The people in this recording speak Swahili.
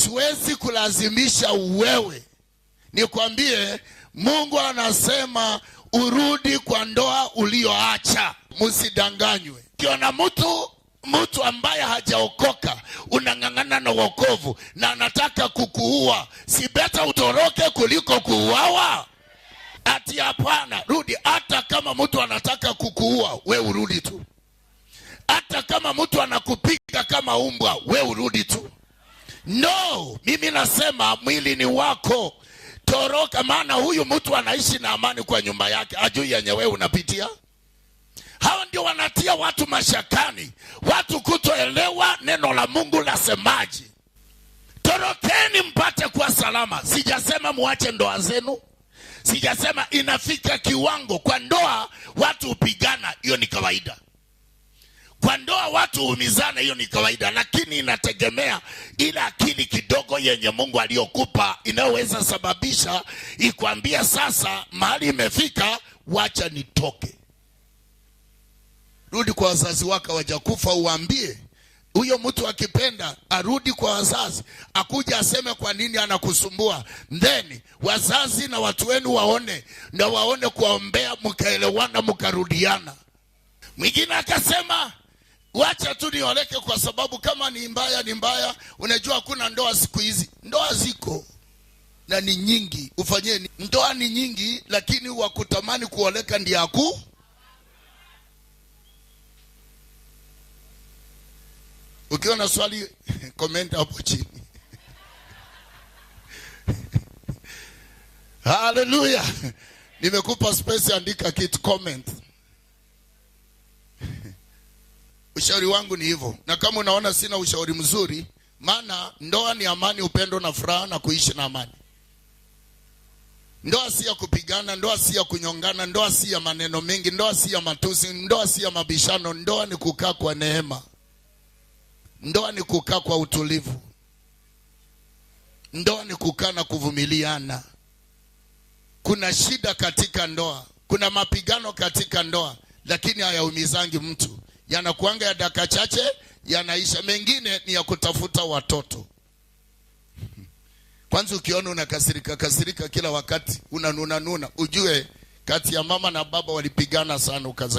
siwezi kulazimisha wewe. Nikwambie, Mungu anasema urudi kwa ndoa ulioacha. Msidanganywe. kiona mtu mtu ambaye hajaokoka unang'ang'ana na wokovu na anataka kukuua, si beta utoroke kuliko kuuawa? Ati hapana, rudi. Hata kama mtu anataka kukuua, we urudi tu. Hata kama mtu anakupiga kama umbwa, we urudi tu. No, mimi nasema mwili ni wako, toroka. Maana huyu mtu anaishi na amani kwa nyumba yake, ajui yenye wewe unapitia. Hao ndio wanatia watu mashakani, watu kutoelewa neno la Mungu lasemaji. Torokeni mpate kuwa salama. Sijasema muache ndoa zenu, sijasema inafika kiwango kwa ndoa watu hupigana, hiyo ni kawaida. Kwa ndoa watu humizana, hiyo ni kawaida, lakini inategemea ile akili kidogo yenye Mungu aliyokupa inayoweza sababisha ikwambia, sasa mahali imefika, wacha nitoke. Rudi kwa wazazi wako wajakufa, uambie huyo mtu akipenda arudi kwa wazazi, akuja aseme kwa nini anakusumbua. Then wazazi na watu wenu waone na waone kuwaombea, mkaelewana, mkarudiana. Mwingine akasema Wacha tu nioleke, kwa sababu kama ni mbaya ni mbaya. Unajua hakuna ndoa siku hizi, ndoa ziko na ni nyingi. Ufanyeni, ndoa ni nyingi, lakini wakutamani kuoleka ndiye aku Ukiwa na swali komenta hapo chini. Haleluya, nimekupa space, andika kitu comment. Ushauri wangu ni hivyo, na kama unaona sina ushauri mzuri, maana ndoa ni amani, upendo na furaha na kuishi na amani. Ndoa si ya kupigana, ndoa si ya kunyongana, ndoa si ya maneno mengi, ndoa si ya matusi, ndoa si ya mabishano. Ndoa ni kukaa kwa neema, ndoa ni kukaa kwa utulivu, ndoa ni kukaa na kuvumiliana. Kuna shida katika ndoa, kuna mapigano katika ndoa, lakini hayaumizangi mtu yanakuanga ya dakika chache yanaisha. Mengine ni ya kutafuta watoto. Kwanza ukiona unakasirika kasirika kila wakati unanunanuna, ujue kati ya mama na baba walipigana sana ukaza